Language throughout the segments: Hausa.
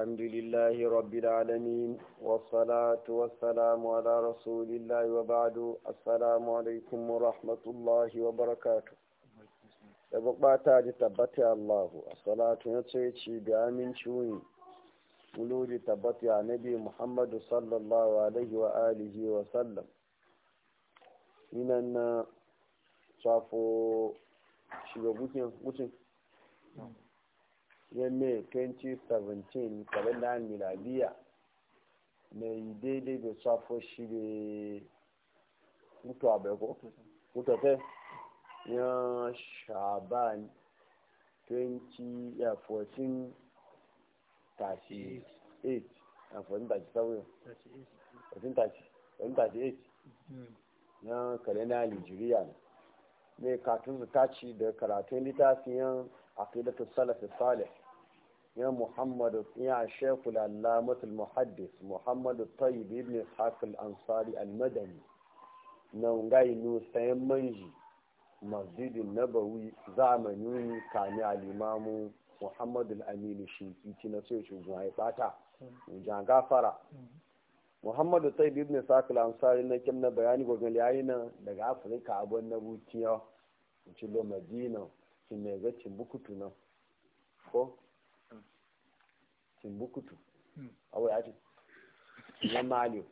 الحمد لله رب العالمين والصلاة والسلام على رسول الله وبعد السلام عليكم ورحمة الله وبركاته da bukata ji tabbata Allahu a salatu na ci da aminci wuni wuluri tabbata nabi Muhammadu sallallahu alaihi na safo shiga ya may 2017 kalendar miladiya mai daidai da safo shi ne mutu abeko mutafe ya shaban 2014 38 a 1438 na kalendar nigeria ne mai ta ci da karatun littafiyan عقيدة السلف الصالح يا محمد يا الشيخ العلامة المحدث محمد الطيب ابن إسحاق الأنصاري المدني نونغاي نوسين منجي مسجد النبوي زعمنوني كان الإمام محمد الأمين الشيكي تنسيو شوزوهي باتا جان غافرة محمد الطيب ابن إسحاق الأنصاري نكمنا بياني وغلياينا لي أين دقاء فريق أبو النبوتيا وشلو مدينة cimega cimbukutu nan ko hmm. cimbukutu hmm. awai ake na maliyo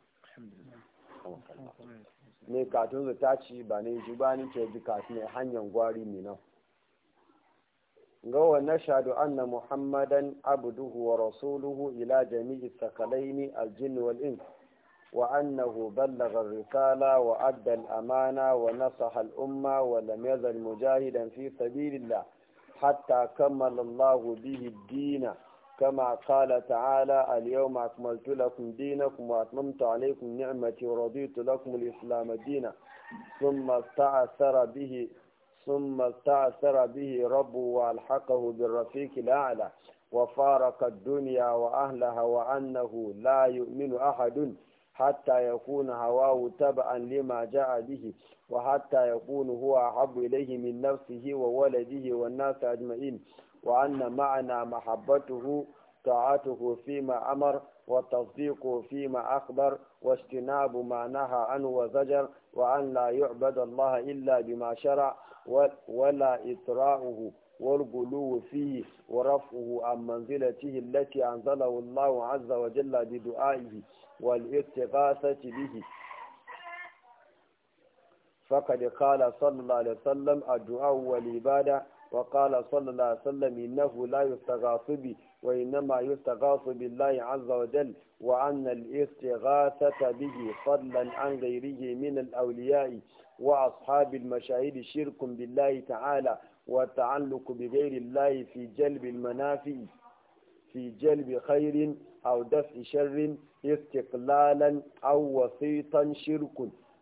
ne katon da ta ci ba ne ji ba ni ke ji katon ne hanyar gwari ne nan gawa na shaɗu anna muhammadan abduhu wa rasuluhu ila jami'i sakalaini aljinnu wal'insu وأنه بلغ الرسالة وأدى الأمانة ونصح الأمة ولم يزل مجاهدا في سبيل الله حتى كمل الله به الدين كما قال تعالى اليوم أكملت لكم دينكم وأتممت عليكم نعمتي ورضيت لكم الإسلام دينا ثم استعثر به ثم استعثر به ربه والحقه بالرفيق الأعلى وفارق الدنيا وأهلها وأنه لا يؤمن أحد hatta ya kuna hawawu taba'an lima ja'a bihi wa hatta ya kuna huwa habu ilaihi min nafsihi wa waladihi wa nasu ajma'in wa anna ma'ana mahabbatuhu ta'atuhu fi ma'amar wa tasdiqu fi ma'akhbar wa istinabu ma naha an wa zajar wa an la Allah illa bima shara wa la itra'uhu والقلو فيه ورفعه عن منزلته التي أنزله الله عز وجل بدعائه والاستغاثة به فقد قال صلى الله عليه وسلم الدعاء والعبادة وقال صلى الله عليه وسلم إنه لا يستغاث بي وإنما يستغاث بالله عز وجل وأن الاستغاثة به فضلا عن غيره من الأولياء وأصحاب المشاهد شرك بالله تعالى والتعلق بغير الله في جلب المنافع في جلب خير أو دفع شر استقلالا أو وسيطا شرك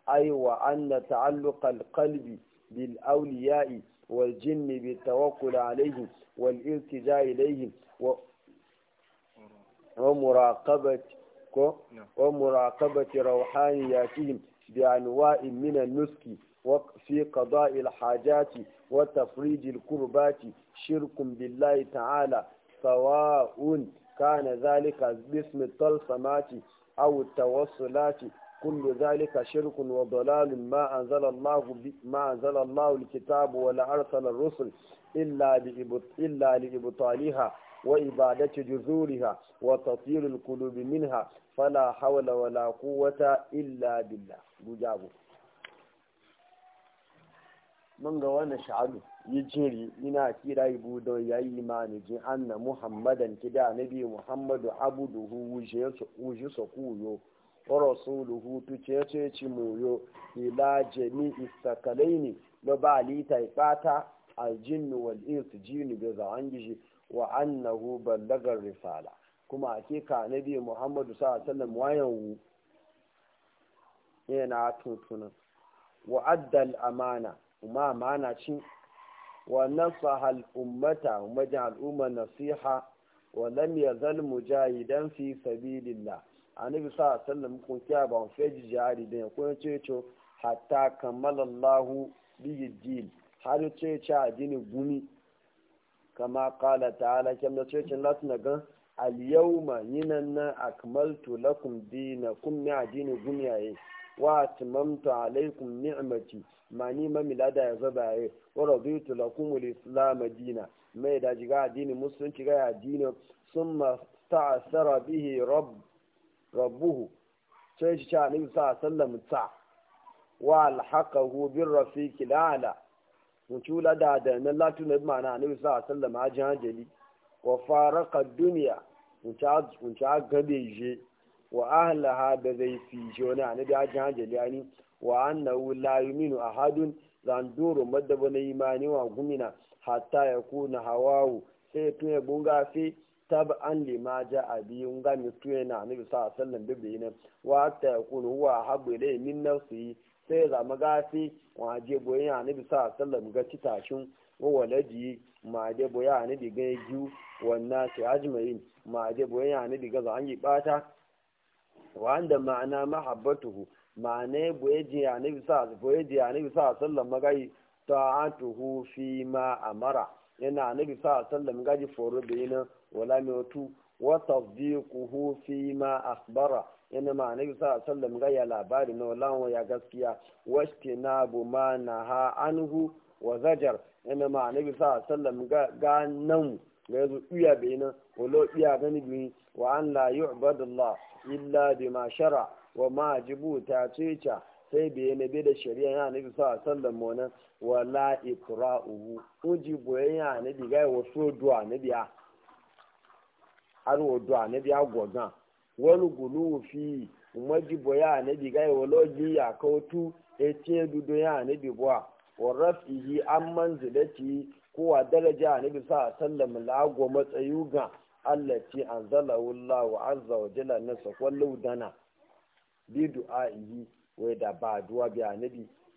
أي وأن تعلق القلب بالأولياء والجن بالتوكل عليهم والالتجاء إليهم و... ومراقبة نعم. ومراقبة روحانياتهم بأنواع من النسك وفي قضاء الحاجات وتفريج الكربات شرك بالله تعالى سواء kana zalika bismi talsamati aw tawassulati kullu zalika shirkun wa dalalun ma anzala Allahu ma anzala Allahu alkitabu wa la arsala ar-rusul illa bi illa li ibtaliha وإبادة جذورها وتطير القلوب منها فلا حول ولا قوة إلا بالله مجابه من قوانا شعبه yi jiri ina kira ibu don ya yi imani jin anna muhammadan kida nabi muhammadu abuduhu wuji sokuyo wa rasuluhu tuce ce muyo ila jami istakalai ne na ba alita ipata aljinnu wal insu jini ga zawon gishi wa annahu ballagar risala kuma hakika nabi muhammadu sallallahu alaihi wasallam wayan yana tutunan wa'addal amana kuma amana cin wa nasaha hal'ummata majin al'umma nasiha wa lam yazal mujahidan fi sabilillah annabi sa sallam kun kiya ba mu feji jihadi da ko ce hatta kammala Allah bihi din har ce ce gumi kama qala ta'ala kamar ce ce latin gan al yawma yinan akmaltu lakum dinakum mi gumi gumiyaye wa atmamtu alaikum ni'mati mani ma milada ya zaba ya wa raditu lakum al-islam dina mai da jiga addini musulunci ga addini summa ta'assara bihi rabb rabbuhu sai shi ta nabi sa sallam ta wa alhaqahu bir rafiq ala mutula da da na latu na mana nabi sa sallam ajin hajali wa faraka dunya mutaga gabe je wa ahlaha da zai fi jona na da hajji hajji yani wa annahu la yuminu ahadun zanduru madaba na imani wa gumina hatta ya kuna hawawu sai tun ya gunga fi tab an lima ja a biyu ga mutu yana nabi sa sallan yi na wa ta ya kuna huwa habu ilai min nafsi sai zama gafi wa je boye a nabi sa sallan ga citashin wa walaji ma je boye a nabi ga ju wannan sai ajmain ma je boye a nabi ga an yi bata wanda ma'ana mahabbatuhu ma'ana ya anabi sa boye ji annabi sa sallam magai ta'atuhu fi ma amara yana anabi sa sallam gaji foro da yana wala mai wato wa tasdiquhu fi ma akhbara yana ma annabi sa sallam gaya labari na wala ya gaskiya wastinabu ma naha anhu wa zajar yana ma annabi sa sallam ga nan ga yazo iya wala iya gani bi wa an la yu'badu Allah illa bi ma shara wa ma jibu ta ceca sai bi na bi da shari'a ya nabi sa sallan mu nan wala ikra'uhu uji boye ya nabi ga wa so du'a nabi a har wa du'a nabi a gogan wani gulu fi umaji boye ya nabi ga wa loji ya tu e ce do ya nabi bua wa raf'ihi an manzilati ko wa daraja nabi sa sallan la go matsayu ga allati anzalahu Allahu azza wa jalla na sakwallu dana bi du'a'i wa da ba duwa bi wa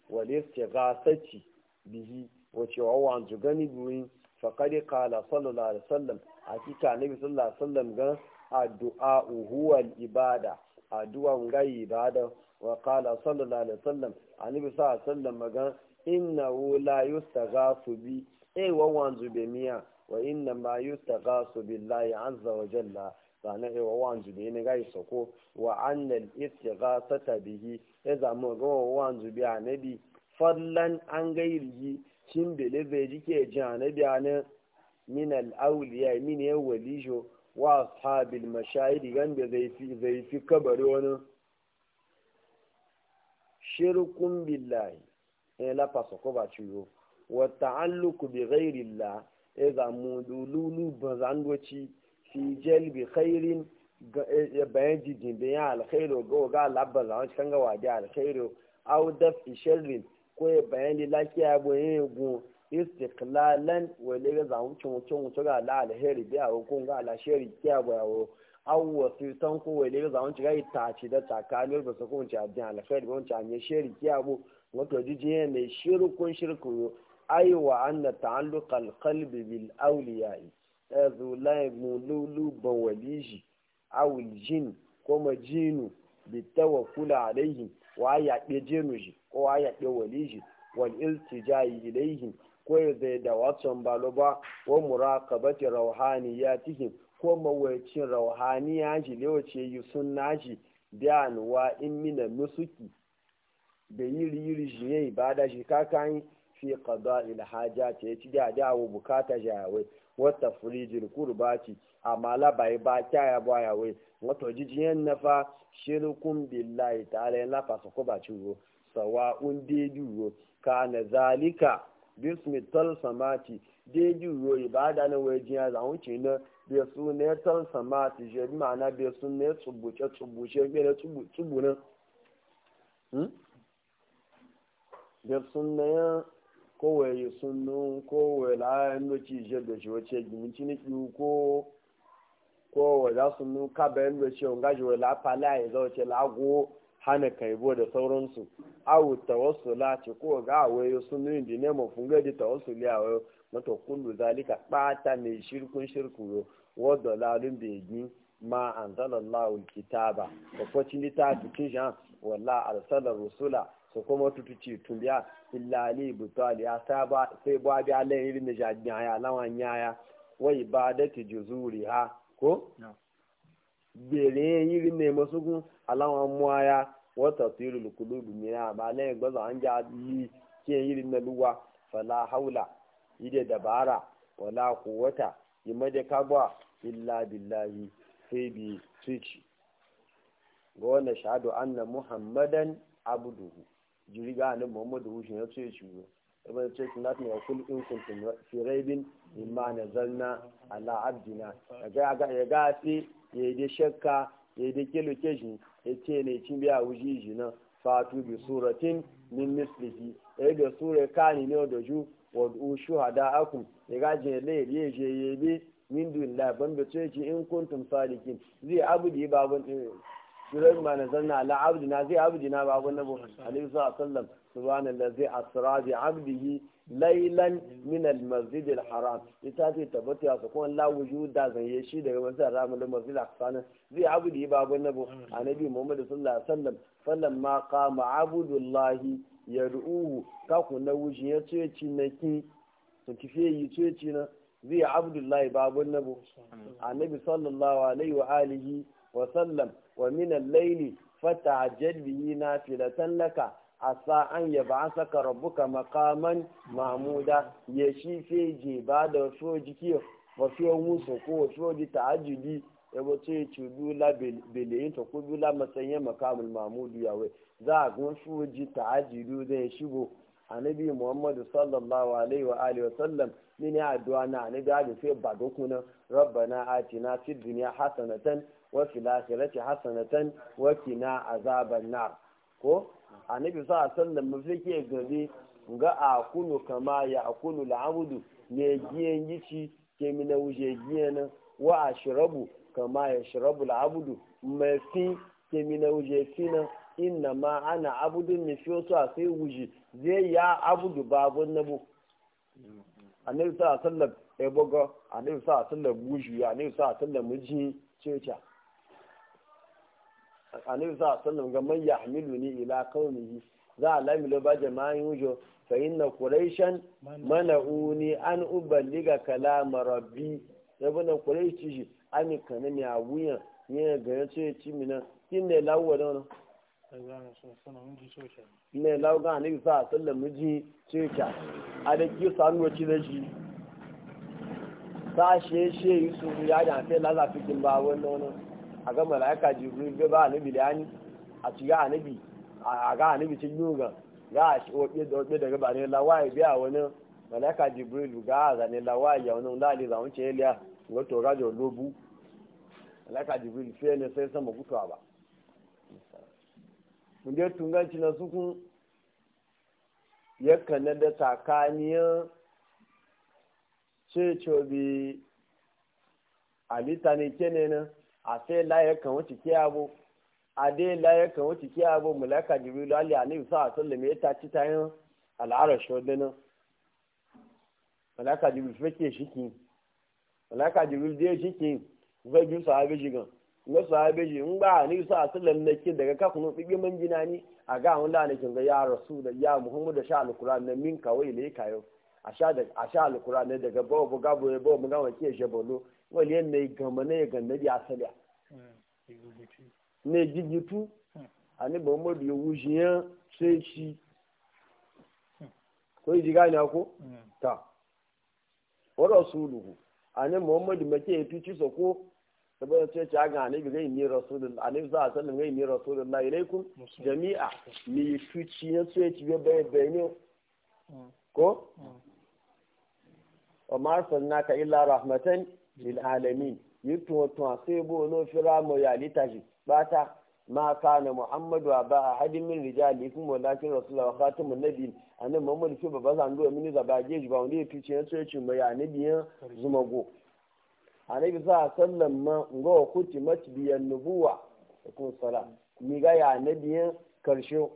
wal istighathati bihi wace wa wan gani fa faqad qala sallallahu alaihi wasallam hakika nabi sallallahu alaihi wasallam ga addu'a huwa al ibada addu'a ga ibada wa qala sallallahu alaihi wasallam anabi sallallahu alaihi wasallam ga innahu la yustaghasu bi ay eh wa wan zubemiya wa inna ma yustaghasu billahi azza wa jalla sana e wa wanzu bi ne gai soko wa anna al istighasata bihi ya e zamu ga wanzu bi anabi fadlan an gairi cin bele zai jike ji anabi anan min al awliya min ya e walijo wa ashabil mashahidi ganda zai zai fi kabari wani shirkun billahi ya e lafa soko ba ciwo wa ta'alluqu bi ghairi llah ya zamu lulu bazan doci fi jelbi khairin e, e, bayan jijin bayan alkhairu ga ga labba zaman cikin ga wadi alkhairu aw daf sharrin ko ya e bayani lafiya bo yin gu istiqlalan wa le ga zamu cin mutum mutum ga la alheri biya ko kun ga la shari kiya bo yawo aw wasitan ko wa le ga zamu cikin ta ci da tsakanin ba su kun ci abin alkhairu ba kun ci an shari kiya bo wato jijin ne shirukun shirku aiwa anna ta'alluqal qalbi bil awliya'i azu la mululu bawalishi aw jin ko jinu, bi tawakkul alayhi wa ya be jenuji ko wa ya be waliji wal iltijai ilayhi ko ya da watson baloba wa muraqabati rauhaniyatihim ko mawacin rauhaniya ji lewace yi sunna ji biyan wa in mina musuki da yiri yiri bada ibada shi kakan fi qada haja ce ya ci da wa bukata jawai wata firijin kurbati a la bai ba kya ba ya wai wato jijiyan nafa shirkun billahi ta'ala la fa ko ba ci ro sawa'un ka na zalika bismi tal samati dejuwo ibada na wajiya za wuce na bai su ne talsamati samati ma'ana bai su ne tsubuce tsubuce bai tsubunan bai sun ne yi sunu kowai la'ayin loci je da shi wace giminci niki ko kowai za su nu kaba yin loci on gaji wai lafala ya za wace lago hana kaibo da sauransu wasu la ce ko ga wayo sunu indi ne mu funga di tawassuli a wayo mata kullu zalika bata mai shirkun shirku yo wadda lalun da yi ma anzalallahu alkitaba da kwacin littafi kin shan wala arsalar rusula ko kuma su tuci a illali butali ya sai ba bi alayin irin da jajjan ya lawan yaya wai ba da juzuri ha ko bere irin ne masu mu alawan muwaya wata tirul kulubu mina ba alayin gbaza an ja yi ke irin na luwa fala haula ide dabara wala kuwata yi made kagwa illa billahi sai bi switch ga wannan shahadu anna muhammadan abuduhu jiriga ne muhammadu hushin ya ce shi yo ibn cikin latin ya kul in kuntum fi raibin na zanna ala abdina ya ga fi ya yi shakka ya yi kilo keji ya ce ne cin biya wuji shi na fatu bi suratin min mislihi ya da sura kani ne da ju wa du shuhada akum ya ga je le ya je yebe min dun la ban bi ce in kuntum sadikin zai abu di babun eh, shirin ma nazarna ala abdina zai abdina ba abun nabu alaihi sallam subhanallazi asra bi abdihi laylan min almasjid ita ce tabbata ya kuma la wujuda zanye shi daga masjid alharam da masjid alharam zai abdi ba abun nabu annabi muhammad sallallahu alaihi ma qama abudullahi yad'uhu ka ku na ya ce ci na ki to yi ce ci zai abdullahi ba abun nabu annabi sallallahu alaihi wa alihi وسلم ومن الليل فتعجل به نافلة لك عسى أن يبعثك ربك مقاما محمودا يشي في جباد وفوج كيف وفي موسك وفوج تعجدي yabo ce cudula belayin ta dula matsayin makamul mahmudu wai za a kuma fuji ta'ajiru zai shigo annabi muhammadu sallallahu alaihi wa alihi wa sallam ne addu'a na annabi da sai ba dokuna rabbana atina fid dunya hasanatan وفي hasanatan حسنة وكنا عذاب النار ko a annabi sa sallan mafike gabe ga a kunu kama ya akunu al'amudu ne giyan yici ke mina wuje giyan wa ashrabu kama ya shrabu al'abudu mafi ke mina wuje fina inna ma ana abudun ne fi wasu a sai wuje zai ya abudu babun nabu annabi sa sallan ebogo annabi sa sallan a annabi sa sallan miji cece annabi sa sallam ga man yahmiluni ila qaumihi za a lamilo ba jama'in wujo fa inna quraishan mana'uni an uballiga kalama rabbi yabana quraishi ji ami kana mi awuyan yin ga yace ci mina kin ne lawo da wannan ne lawo ga annabi sa sallam miji ce ka a da ki sanu ci da shi sa she she yusuf ya da lalafi kin ba wannan wannan a ga mala'ika jibril ga ba annabi da yani a ci ga annabi a ga annabi cin yoga ga a shi obe da obe daga ba ne lawaye biya wani mala'ika jibril ga a zane lawaye ya wani lali za wance ya liya ga to rajo lobu mala'ika jibril fiye ne sai sama gutuwa ba mun je tunganci na sukun ya kanna da tsakaniyar ce cobi alita ne kenenan a sai layar kan wuce ke abu a dai layar kan wuce ke abu mulaka jibrilu ali annabi sa sallallahu ta yin al'arash wadana mulaka jibrilu fake shiki mulaka jibrilu dai shiki zai na sahabi shi in ba annabi sa sallallahu na ke daga kafin bigi man gina ni a ga hun kin ga ya rasul ya sha min kayo da a sha daga gabo shebolo wali yan ne gama ne ga nabi asaliya eh, ne jigitu hmm. ani ba mu biyo wujiyan sai shi hmm. ko yi jiga ne ko hmm. ta wa rasuluhu ani muhammadu make ya fici ko saboda ce ce aga anabi zai ni rasulullah anabi za a sanin zai ni rasulullah ilaikum jami'a ni fici na sai ci bai bai ko amma ma ka illa rahmatan lil alamin yito to sai bo no fira mo ya litaji bata ma kana muhammadu ba ahadin min rijali kum walakin rasulullah wa khatamun nabi annabi muhammadu shi ba bazan do mini zaba ge ba wanda ya tuce ya tuce mai annabi ya zumago annabi sa sallan ma ngo kuti matbiyan nubuwa kuma sala ni ga ya annabi ya karshe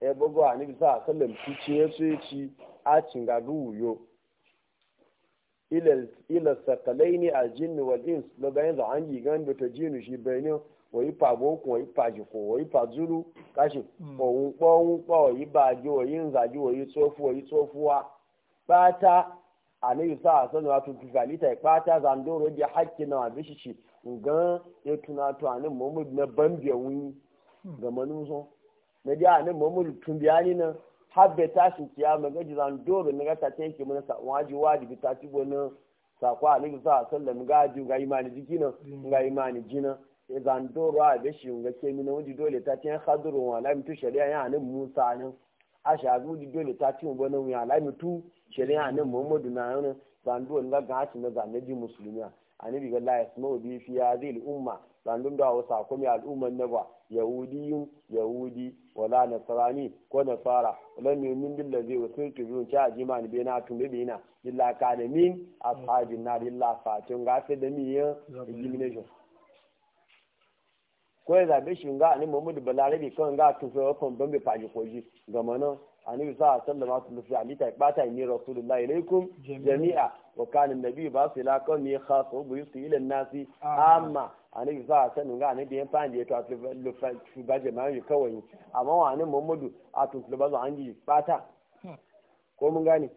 e bugo annabi sa sallan tuce ya tuce a cinga duyo ila sakalaini aljinni wal ins lo gayin zan an gigan da ta jinu shi benin wayi pabo ko pa paji ko wayi pazuru kashi ko un po un po wayi baji wayi nzaji yi tsofu wa yi tsofu wayi tsofuwa bata anayi sa san wa tu zan bata zandoro bi hakki na bi shi ngan ya tuna to mu muhammad na ban bambe wuni ga manuso na dia anin muhammad tun biyani na habbe tashin kiyama gaji zan doro na gata ta yake mana waji wajibi ta ci gona sako a nabi sa sallam gaji ga imani jikina ga imani jina ya zan doro a bashi ga ke mina wuji dole ta tiyan hadurun wa lami tu shari'a ya nan musa ne a shazu wuji dole ta tiyan gona wa lami tu shari'a nan muhammadu na nan zan doro ga hacin na zan ji musulmiya bi ga la yasma'u bi fi hadhihi al-umma zan da wa sako mi al-umman naba yahudiyun yahudi wala nasarani ko nasara wala ne min billa zai wasu tubiyun cha jima bai bena tumbe bena illa kana min a nar na lilla ga sai da mi ya ko ya zabe shi ga ani Muhammad Balarabi kan ga tufe wa kan bambe faji koji ga mana ani sa sallama ya lafi alita ibata ni rasulullahi alaikum jami'a وكان النبي باص الى كون خاص ويصي الى الناس اما annabi za a sanin ga annabi yan da ya tafi lufafi ba jama'an yi kawai amma wa nan muhammadu a tuntun ba zuwa an ji fata ko mun gane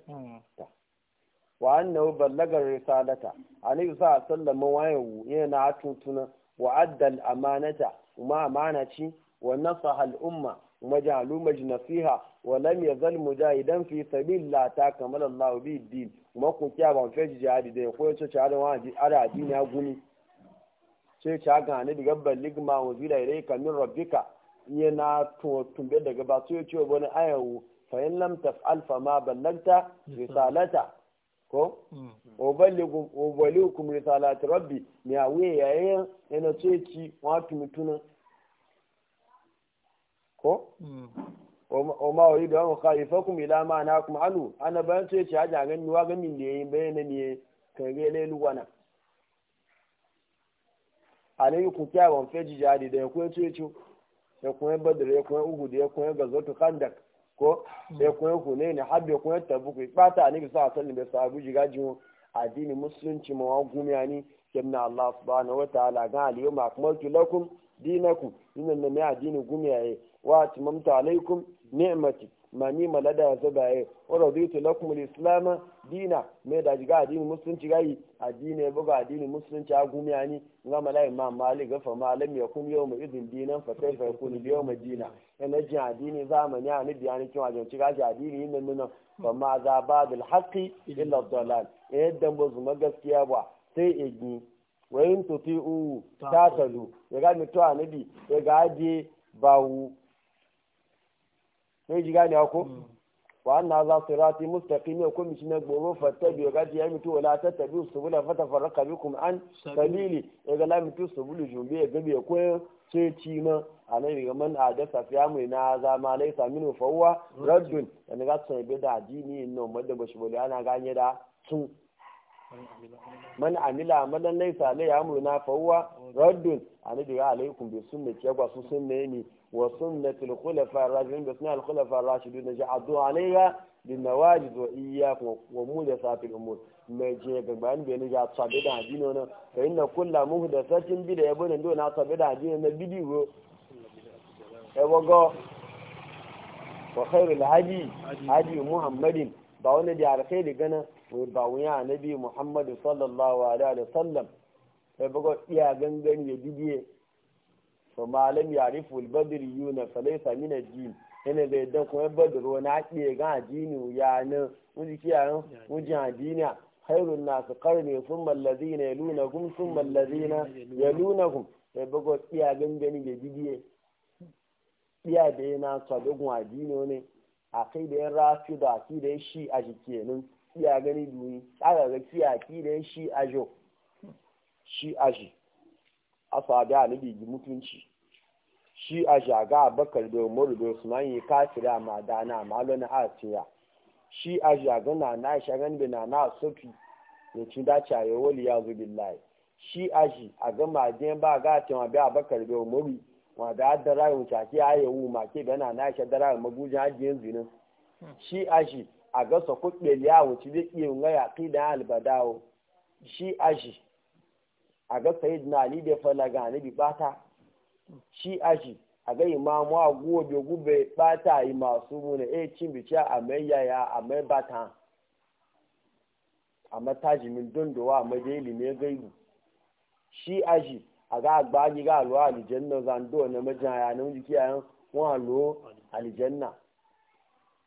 wa annahu ballagar risalata annabi za a sallama wayan yana tuntuna wa addal amanata kuma amana ci wa nasaha umma. majalu majnasiha nasiha wa lam yazal mujahidan fi sabilillah ta kamala Allah bi din kuma ku kiya ban feji jihadi da ko yace cha da wani ara addini aguni guni sai ci ga ne daga ma wa zila ka min rabbika na to tumbe daga ba sai ce wani ayawu fa in lam taf'al fa ma ballagta risalata ko o uballigum risalati rabbi ya waye yayin yana ce ki wa tumutuna ko mm. o ma wani da wani kai fa kuma ila ma na kuma anu ana bayan sai ci haja ganin wa ga min ne bayan ne kan ga le luwana alayi ku kya wan feji jadi da ku ce ci ya ku badr ya ku ugu da ya ku ga zotu khandak ko mm. ya ku hune ne habbe ku tabuk ba ta ne sa sallin da sabu jigaji addini musulunci ma wa gumiyani kemna Allah subhanahu wa ta'ala ga aliyu ma kuma lakum dinakum dinan ne addini gumiyaye wa atmamtu alaikum ni'mati ni malada ya zaba ya wa raditu lakum al-islam dina me da jiga addini musulunci gai addini buga addini musulunci agumiya ni ga malai ma malik ga fama ya yakum yau idin dinan fa sai fa yakunu bi yawm dina ina ji addini zamani ya ni biyani kin wajen ciga ji addini nan nan fa ma za ba'dul haqqi illa dalal eh dan bo zuma gaskiya ba sai egi wayin tuti'u tatalu ya ga mutu anabi ya ga je bawu sai ji gane ko mm. wa anna za sirati mustaqim ko mi shine gboro fattabi ga ji ya mitu ta tattabi subula fatafarraqa bikum an sabili ya ga la to subulu jumbi ya gabe ko ce ti ma annabi ga man hadasa safiya amri na za ma laisa minu fa huwa raddun dan ga sun be da dini no madan bashi bole ana ganye da sun man amila amalan laisa la ya'muru na fa huwa raddun annabi ga alaikum bi sunnati ya su sunne ne وسنة الخلفاء الراشدين بسنة الخلفاء الراشدين جعلوا عليها بالنواجد وإياك ومحدثات الأمور ما جاء بمن بين جاء صابدا ديننا فإن كل محدثة بدعة يبون دون صابدا ديننا بدعة ewago wa khairul hadi hadi muhammadin ba wani da alkhairi gana wai ba wani annabi muhammad sallallahu alaihi wasallam sai bago iya gangani fa malam yariful rifu albadri yuna fa laysa min al-jin yana da yadda kuma badro wani ake ga ajini ya wani nan mun ji yaran mun ji na khairun nas qarni thumma alladhina yalunahum thumma alladhina yalunahum sai bago iya gangani da bidiye iya da yana sabugun ajini ne a kai da yan rafi da aki da shi a jikenin iya gani duniya aka ga kiya aki da shi ajo shi aji asabi alibi gi mutunci shi a jaga bakar da umaru da usman yi kafira ma dana malo na asiya shi a jaga na na shagan da na na sofi da ci dace ya wali ya zubi lai shi a shi a ga majen ba ga ta ma biya bakar da umaru ma da adda yi shaki a yawu ma ke da na na sha da rayun magujin hajiyar zinin shi a shi a ga sa kuɗe liya wuce da iya ngaya kai da albadawo shi a shi a ga sayid na ali da falaga anabi bata shi aji a ga imamu a gobe gube bata yi masu muna e cin bici a mai yaya a mai bata a matajimin dondowa a madaili ne gaibu shi aji a ga agbagi ga alo alijanna zando na majaya na jiki yayan wọn alo alijanna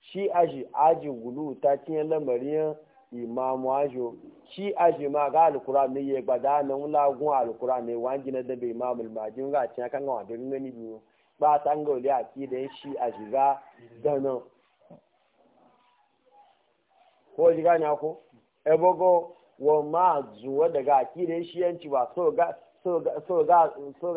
shi aji aji gulu ta cinye lamarin imamu ajo chi aji ma ga alukura ne gba gbada na wula gun alukura na wa jina da imam imamu almaji ga kan ga wadin gani biyu ba tango ga wuli a shi aji ga dana ko ji gani ako ebogo wa ma zuwa daga ki da shi yanci ba so ga so ga so ga so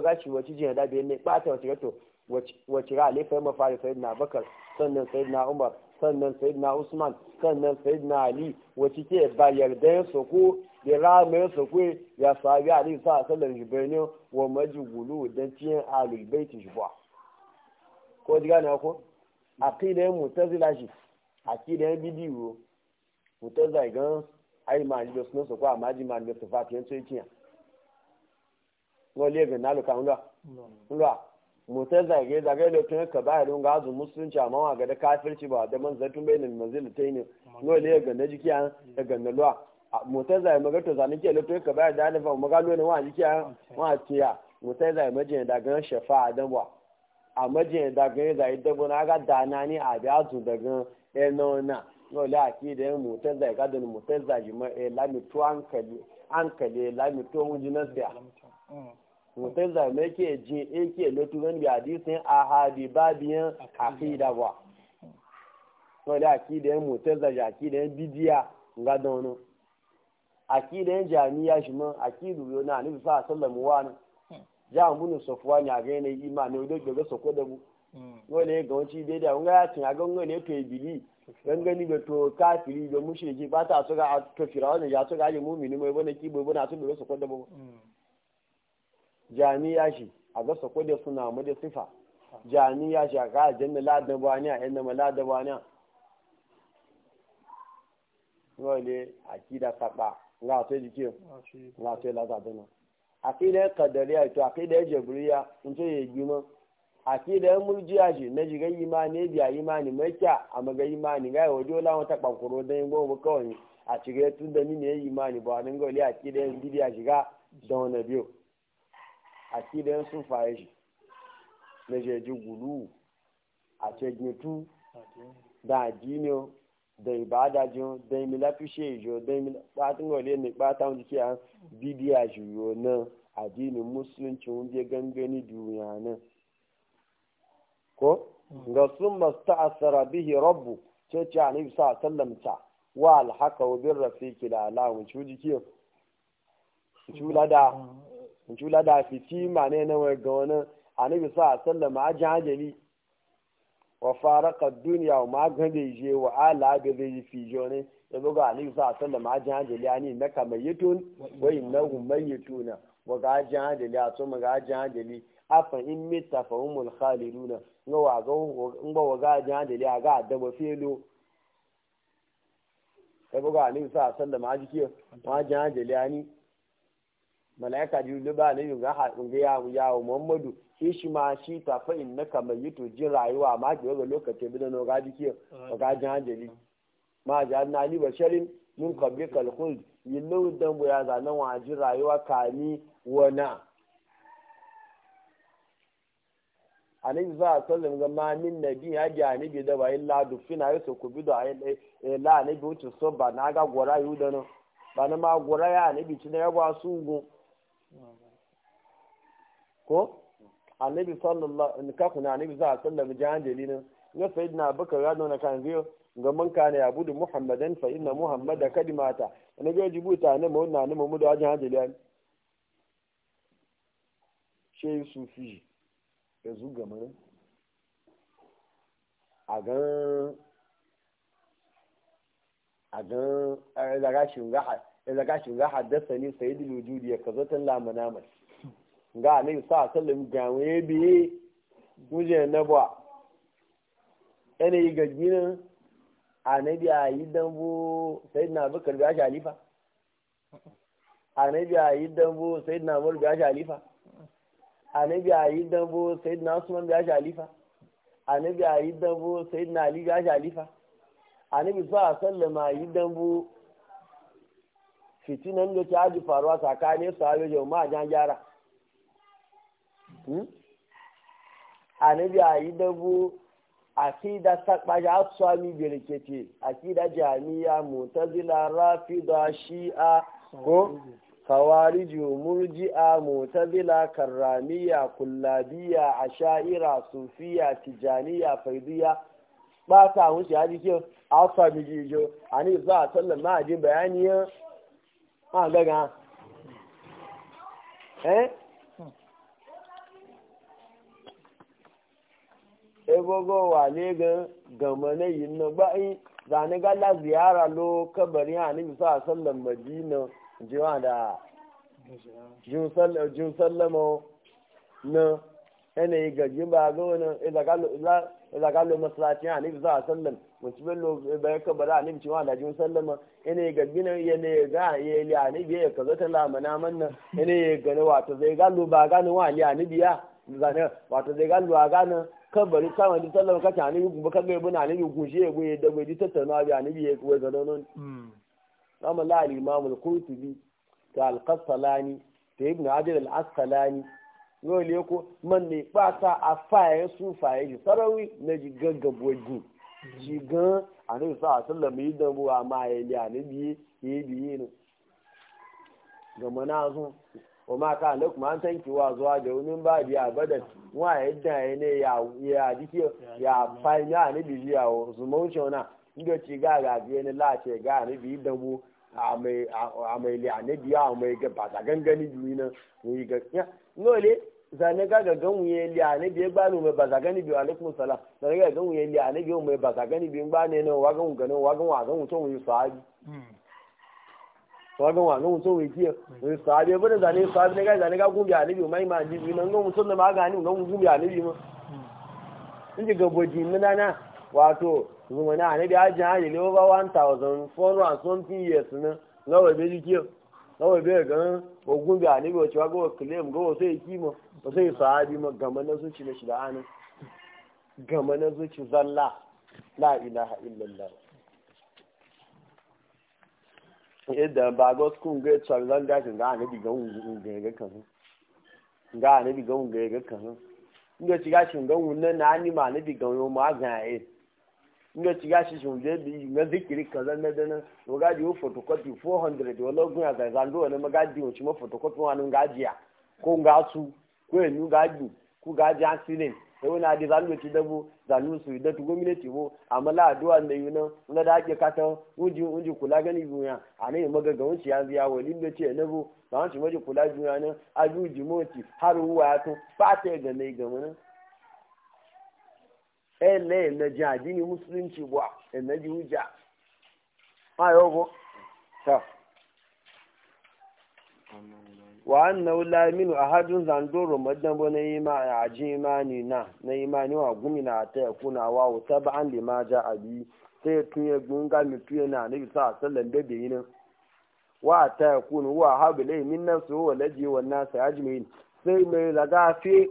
ga so shi da ne ba to ga mafari sayyidina sannan sayyidina umar sannan sayyidina usman sannan sayyidina ali wacce ke ba yardan su ko da ramar su ko ya sabi ali sa sallan jibrani wa majugulu dan ciyan alul baiti jibwa ko diga na ko aqida mutazila shi aqida bidiyo mutazila gan ai ma ji sun su ko amma ji ma ne su fatiyan sai ciyan wọ́n lé ẹgbẹ̀rún náà ló kà ń motar zage-zage da tun ka ba don gazu musulunci amma wa ga da kafirci ba da man zartun bai nan manzil ta yi ne no le ga na jiki da ga na luwa motar zage maga to ke ke lokacin ka ba da alifa maga lo ne wa jiki wa tiya musa zage maji da ga shafa da wa a maji da ga zai da na ga dana ni a da azu da ga eno na no le aki da motar zage ga da motar zage ma e lami to an kale an kale lami to mun jinas mutum zame eke ji ake e lotu zan bi hadisin a hadi babiyan akida ba so da akida yan mutum zaje akida bidiya ga dono akida yan jami'a shi man akidu yo na ni sa sallam wa na ja mun sofuwa nya ga ne imani do do soko da bu wole ga wanci dai da ya tin ga ngone to ibili e gangani ga to kafiri ga musheji ba ta so ga to firawo ne ya so ga ji mu'mini mai e bane jami'a shi a ga sako da suna mu da sifa jami'a shi a ga aljanna ladabani a inna ma ladabani wale kida saba nga to jike nga to a zadana akida qadariya to akida in ce ye gima akida murjiya shi na jiga imani biya imani kya a maga imani ga wajo la wata don yi go kawai a ciga tun da ni ne imani ba nan ga wale yin bidiya shiga da wani biyu akidan sufaye shi na jeji gulu a cegitu da adiniyo da ibada jin da imila fishe ijo da imila batin wale ne bata wani ke an bibiya juyo na addinin musulunci wunde gangani duniya nan ko ga sun masta asara bihi rabbu ce a nufi sa ta wa alhaka wa bin rafi kila alawun cuji da jula da fiti ne na wai ga wani annabi sa sallama a jami wa fara ka duniya wa magan da je wa ala ga zai yi fijo ne ya buga annabi sa sallama a a ani na na hu mai yi tuna wa ga jami a tsoma ga a fa in mita fa umul khaliduna nga wa ga nga wa ga jami a ga adaba felo ya buga annabi sa sallama a jikiyo ma a ni. malaika jibrilu ba ne ga ya ya muhammadu shi shi ma shi ta fa innaka mayitu jin rayuwa ma ki wani lokaci bidan no ga dike ga jahajali ma na li basharin min qablikal khuld yillu dan buya nan wa jin rayuwa ka ni wana anin za a sallam ga ma min nabi ya ji bi da bayin ladu fina ya so bi da eh, ayin la bi wuce so ba na ga gora yu da no ba na ma gora ya bi ci da ya ba su gun ko annabi sallallahu alaihi wasallam annabi za a sallama jahan jalilin ga sayyidina abubakar ya nuna kan biyo ga man kana ya budu muhammadan fa inna muhammada kadimata ne ga jibuta ne mu na ne mu da jahan jalilin shehu sufi ya ga mana a gan a gan a ga shi ga da kashin za a dasa ne sai dilu juriya ka zo tun lamana mai ga ne sa sallam ga ya biye guje na ba ene yi gajinin annabi a yi dambo sai na bukar ga shalifa annabi a yi dambo sai na mul ga shalifa annabi a yi dambo sai na usman ga shalifa annabi a yi dambo sai na ali ga shalifa annabi sa sallama yi dambo fitinan da ta ji faruwa tsakanin sahabi da ma jan gyara a hmm? anabi a yi dabu da akida sakpaja a fi akida jamiya mutazila rafida shi'a ko a murji'a mutazila karramiya kullabiya a sha'ira sufiya tijaniya faidiya ba ta wuce hadisi atsami a ani za a sallama a ji bayaniyar wọn àgbẹ̀ ah, gan ẹ́ egogo eh? wà lé gan gàmọ́ lẹ́yìn náà báyìí zaniga la ziyara lo kabari a nabi sa sallan madina jiwa da jun sallama na yanayi gajin ba ga na. izaka za ka lo masallaci a nabi za a sallam mun ci bello bai ka bara a nabi cewa da jin sallama ene ga gina ya ne ga ya li a nabi ya kaza ta lamana manna ene ga ne wato zai ga lo ba ga ne wa li a nabi ya zane wato zai ga lo a ga ne kan bari sama ji sallama ka ta nabi kuma ka ga ibn a nabi gushe ya goye da bai ji tattauna bi a nabi ya kuwa ga nonon amma la al-imam al-qurtubi ka al-qasalani ta ibn adil al-asqalani ngole ko man ne fata a faye su faye ji sarawi na ji gaggabo ji ji gan a ne sa sallam yi dan buwa ma ya yi a ne biye ya biye ne ga mana zo o ma ka lek ma tan ki wa zuwa ga wani ba bi abadan wa yadda ya ne ya ya dike ya faye ya ne bi ya o su mun shona inda ci ga ga biye ne la ce ga ne bi dan bu a mai a mai li a ne biya mai ga ba ta gangani biyu ne yi gaskiya ngole zane ga ga gan wuye li ane biye ba nu me baza gani biyo alaikum zane ga gan wuye li ane biyo me ba ne no wa gan gan wa gan wa gan to wuye sahabi wa gan wa gan to wuye ki wuye sahabi bane zane sahabi ne ga zane mai ma ji biyo nan gan mutum da ma ga ni gan gumbi ma na something years na kawai bai ga ogun bi ani bai cewa gawa claim gawa sai kima ba sai sahabi ma gama na zuci na shida anan gama zuci ga zan dakin ga anabi ga unga ga kan ga anabi ga unga ga kan inda na ma ga ma ga nga ci gashi shi wuje bi nga zikiri kaza na dana wa gaji wo photocopy 400 wala gun ya zai zando wala magaji wo ci ma photocopy wa nan gajiya ko nga su ko enu gaji ku gaji accident e dabu zanu su da tu gwamnati wo amala addu'a na nga da ake kata uji uji kula gani duniya anai magaga wanci ya ziya wali ne ce na ba wanci e maji kula duniya nan ajuji moti har ruwa to ta ga nai ga ele na ji adini musulunci a na ji hujja ma yau ko wa annahu la yaminu ahadun zandoro madan bo na yima aji imani na na imani wa gumi na ta kuna wa taban lima ja abi sai tun ya gunga mi tuye na nabi sa sallan da yi yin wa ta kuna wa habilai min nasu wa laji wa nasa ajmin sai mai fi.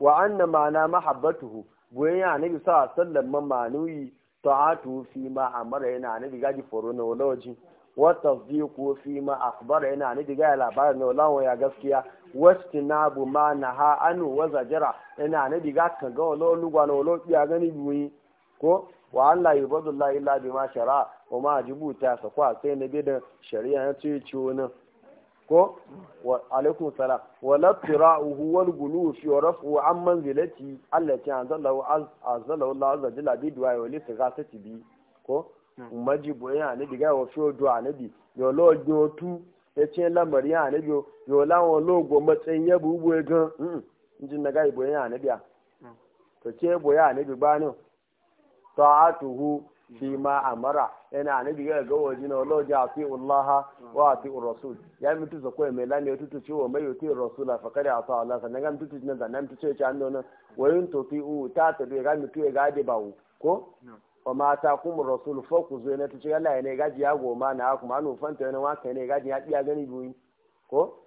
wa anna ma'ana mahabbatuhu goyen nabi sa sallan man manuyi ta'atu fi ma amara yana nabi gaji foro na walawaji wa tasdiqu fi ma akhbara yana nabi ga labarin na walawa ya gaskiya wastinabu ma naha anu wa zajara yana nabi ga kan ga walawa lugwa na walawa ya gani buyi ko wa Allah yubadullahi illa bima shara wa ma jibuta sakwa sai na da shari'a ya ce ciwo nan ko wa alaikum salam wa latira'uhu wal gulu fi rafu an manzilati allati anzalahu azalahu Allah azza jalla bi du'a wa lisghasati bi ko majibu ya ne diga wa fi du'a ne bi yo lo jo tu e chen la mariya ne yo yo la won lo go matsayin ya bu bu gan mm na daga ibo ya ne biya mm. to ke bo ya ne bi ba ne ta'atuhu fima amara yana nabi ga ga waje na wallahu ja fi Allah wa fi rasul ya mutu sa ko mai lani chi ci wa mai yuti rasula fa kada ata Allah na ga mutu nan sannan mutu ce an don wayun u ta ta ga mutu ga de bawo ko wa ma ta kum rasul fa ku zo ne tuce gaji ya goma na kuma anu fanta ne wa kai ne gaji ya iya gani duyi ko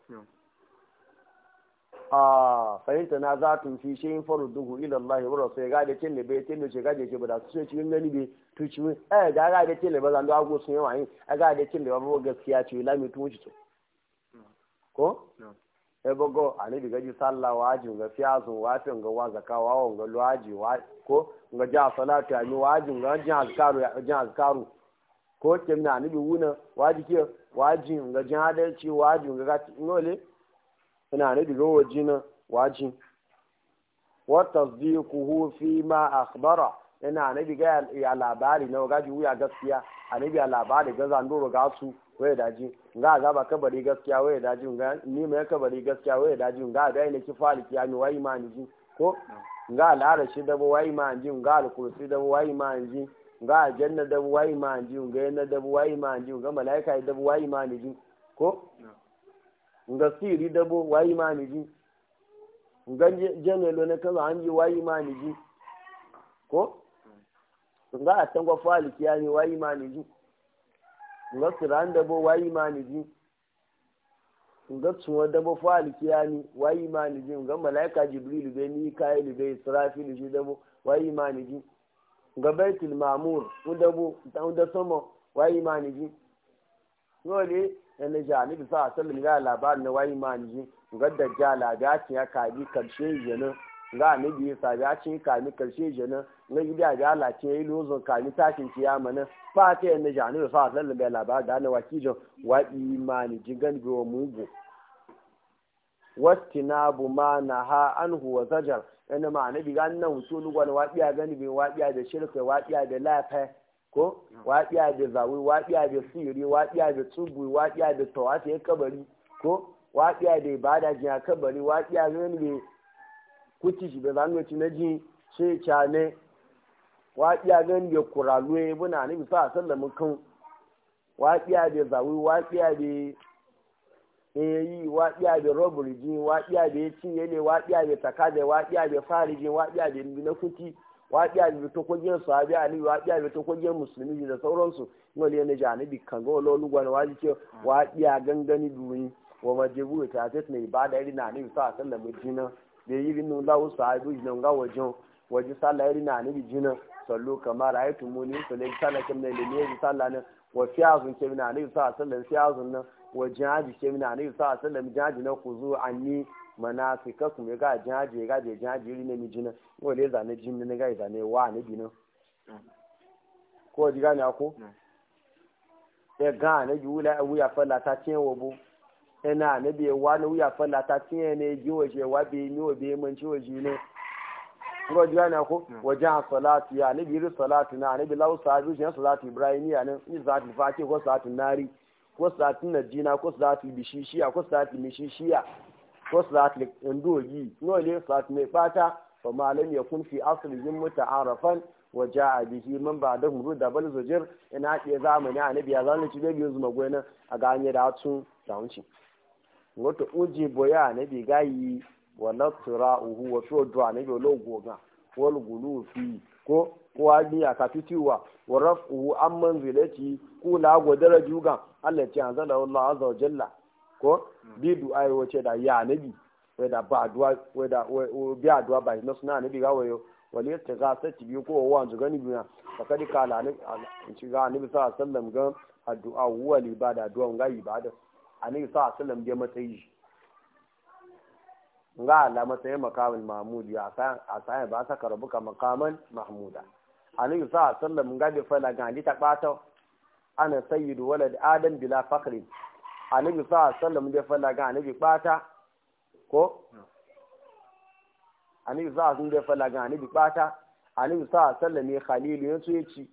a fahimta na za tun fi shi faru duhu ila Allah wa rasul ga da tin lebe tin ce ga da ce ba da su ce ngani be tu ci eh ga ga da tin lebe zan da go sun yawa yin eh, ga da tin lebe ba gaskiya ce la mi tun ci to ko e eh, bogo ani bi gaji salla waji ga fiyazu wafi ga wa zakawa wa ga lwaji wa ko ga ja salatu ani waji ga ja azkaru ya ja azkaru ko kimna ni bi wuna waji ke waji ga ja da ci waji ga ngole ina ne daga waje na waji wa tasdiquhu fi ma akhbara ina ne daga ya labari na gaji wuya gaskiya anabi ya labari ga zandoro ga su waye daji nga ga ba kabari gaskiya waye daji nga ni mai kabari gaskiya waye daji nga ga ina ki faliki ya mi wai mani ji ko nga al'ara shi da wai mani ji nga al-kursi da wai mani ji nga janna da wai mani ji nga yana da wai mani ji nga malaika da wai mani ji ko nga siri dabo wayi ji? nga lo ne kaza anji wayi ji, ko nga atangwa fali kiyani wayi ji? nga siran dabo wayi ji? nga tsuwa dabo fali kiyani wayi ji? nga malaika jibril be ni kaili be israfil ji dabo wayi ji? nga baitul mamur dabo da sama wayi ji? ngole yana ji anibi sa asalin ga labarin na wayi manji ga dajjala da ya kaji karshe yana ga anibi bi sabi a cikin kaji karshe yana na gida ga alace ya yi lozon kami tashin ma na, fa ta yana ji anibi a asalin ga labarin da na wakijin waɗi manji gan wa mugu bu ma naha anhu wa zajar yana ma anibi ga nan wuce lugwan waɗiya gani bi waɗiya da shirka waɗiya da lafa ko waɗiya da zawi waɗiya da siri waɗiya da tsubu waɗiya da tawata ya kabari ko waɗiya da ibada jin ya kabari waɗiya da wani mai kuci shi da zanwaci na jin sai cane waɗiya da wani mai kuralu ya buna ne bisa a sallamin kan waɗiya da zawi waɗiya da eyi waɗiya da robbery jin waɗiya da ya cinye ne waɗiya da takada waɗiya da farijin waɗiya da na kuti waɗi a bi tokogiyar sahabi ali waɗi a bi tokogiyar musulmi da sauransu ngoli ne janibi kan go lolu gwan waji ce waɗi a gangani duni wa majibu ta tet ne ibada iri na ni sa sallama jina da yi rinu lawo sahabi jina ga wajen waji sallah iri na ni jina sallu kamar ayatu muni sallu sallah kamne ne ne sallah ne wa fiyazun kemina ne sa sallan fiyazun nan wa jaji kemina ne sa sallan jaji na kuzu anni manasika kuma ga jaje ga je jaje ri ne mijina wale za ne jin ne ga za ne wa ne bi nan ko ji gane ko mm. e ga ne yula e wuya falla ta bu e na ne bi e wa ne wuya falla ta cin ne ji je wa bi ni obi mun wo ji ne ko ji gane ko ja salatu ya ne bi ri salatu na ne bi ju je salati salatu ya ne ni zati fati ko salatu nari ko salatu jina ko salatu bishishiya ko salatu mishishiya wasu za ta ɗandu ne su ta mai fata ba malam ya kun fi asalin mutu a rafan waje a bihi min ba da hudu bal ina ke zamani a nabi ya zama ci bai zuma gwena a ganye da su launci wata uji boya ne bi gayi wa natura uhu wa su duwa na bi logoga wal gulu fi ko ko abi a ka wa rafu an manzilaci ko lagwa daraju ga Allah ya zala Allah azza jalla ko bi du'a wace da ya anabi wai da ba du'a wai da bi du'a ba na suna anabi ga wayo wali ta za a ci biyu ko wa wanzu gani biya fa kadi kala ne ci ga anabi sa sallam ga addu'a wa li da du'a ga ibada anabi sa sallam ga matsayi ga ala matsayin makamin mahmud ya a sayan ba sa saka ka makaman mahmuda anabi sa sallam ga bi fala ga ta bata ana sayyidu walad adam bila fakrin annabi sa sallam da falla ga annabi bata ko annabi sa sun da falla ga annabi bata annabi sa sallam ya khalilu yanzu yace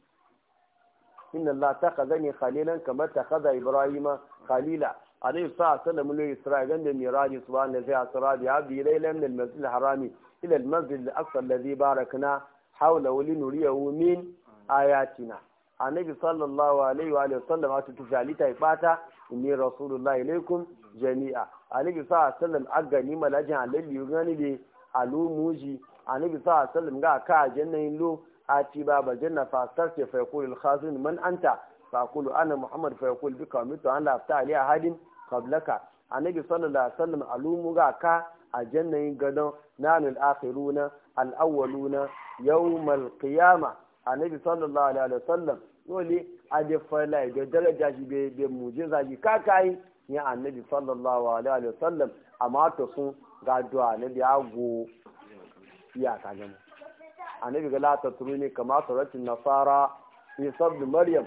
inna allah takhazani khalilan kama takhaza ibrahima khalila annabi sa sallam ne isra'i ganda miraji subhanahu wa ta'ala bi abi laylan min masjid al-harami ila al-masjid al-aqsa alladhi barakna hawla linuriyahu min ayatina annabi sallallahu alaihi wa sallam ta tujali ta ibata inni rasulullahi ilaikum jami'a annabi sa sallam aga ni malajin alalli gani de alumuji annabi sa sallam ga ka jannayin lo ati baba janna fa sarke fa yaqul al khazin man anta fa aqulu ana muhammad fa yaqul bika mitu an la afta ali ahadin qablaka annabi sallallahu alaihi wasallam alumu ga ka a jannayin gadon nanul akhiruna al awwaluna yawm al qiyamah annabi sallallahu alaihi wasallam dole ade farla da daraja shi bai da mujiza shi kakai ni annabi sallallahu alaihi wa sallam amma to sun ga du'a na a go a ka gani annabi ga la tatruni kama suratul nasara isa ibn maryam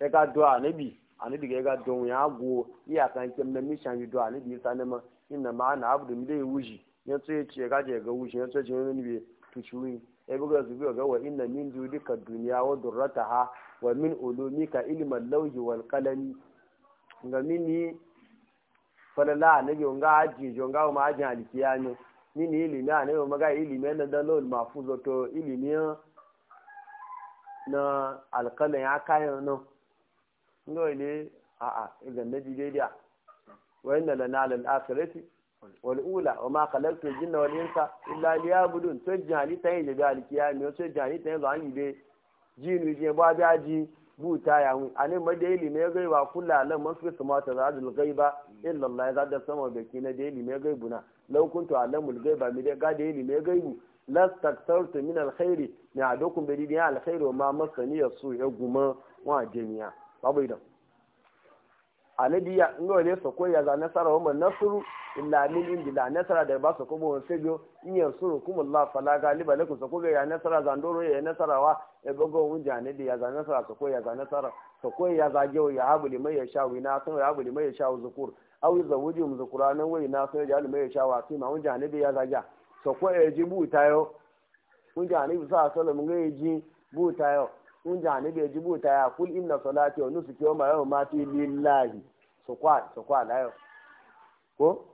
ya ga du'a nabi annabi ga ga don ya go iya kan kin na mishan yi du'a nabi isa ne ma inna ma ana abdu mi dai wuji ya ce ce ga je ga wuji ya ce ce ne ne bi ya buga su biyu ga wa inna min judika duniya wa ha wa min ka ilimin lauhi wal qalami ga mini falala annabi nga aji jo nga ma aji alikiyani mini ilimi annabi maga ilimi na dalol mafuzo to ilimi na alqalami akayo no ngo ile a a ga nabi dai dia wa inna lana lil wal'ula wa ma khalaqtul jinna wal insa illa liya'budun to jani tan yi ga alkiyami to jani tan ba ni be jinu je ba da ji buta ya mu ani ma da ili me gaiba kula la man fi sama ta zadul gaiba illa Allah ya zada sama be kina da ili me gaibuna law kuntu alamul gaiba mi da ga da ili me gaibu lastaktartu min alkhairi na adukum bi diyan alkhairi wa ma masani yasu ya guma wa jami'a babu idan anabi ya ngo ne so ko ya za nasara wa nasru illa min la nasara da ba so ko sai sejo in yansuru suru Allah fala galiba lakum so ko ya nasara za ndoro ya nasara wa e bogo un jane da ya za nasara so ko ya za nasara so ko ya za ya habu limai ya shawi na so ya habu limai ya sha zukur aw zawujum zukuranan wai na so ya habu limai ya shawa sai ma un jane da ya za ja so ko ya ji butayo un jane bi sa mun ga ya ji butayo un jane da ya ji ya kul inna salati wa nusuki wa ma yawma mati lillahi sokwa sokwa layo ko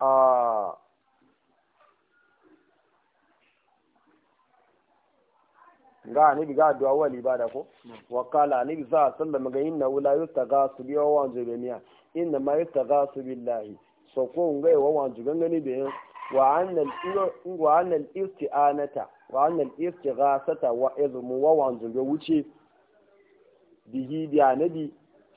ah ga annabi ga addu'a wal ibada ko wa qala annabi sa sallam ga inna la su bi wa niya inna ma yutaga yustaghasu billahi so ko ngai wa wanju gangani be wa annal wa annal isti'anata wa annal istighasata wa izmu wa wanzu ga wuce bihi bi anabi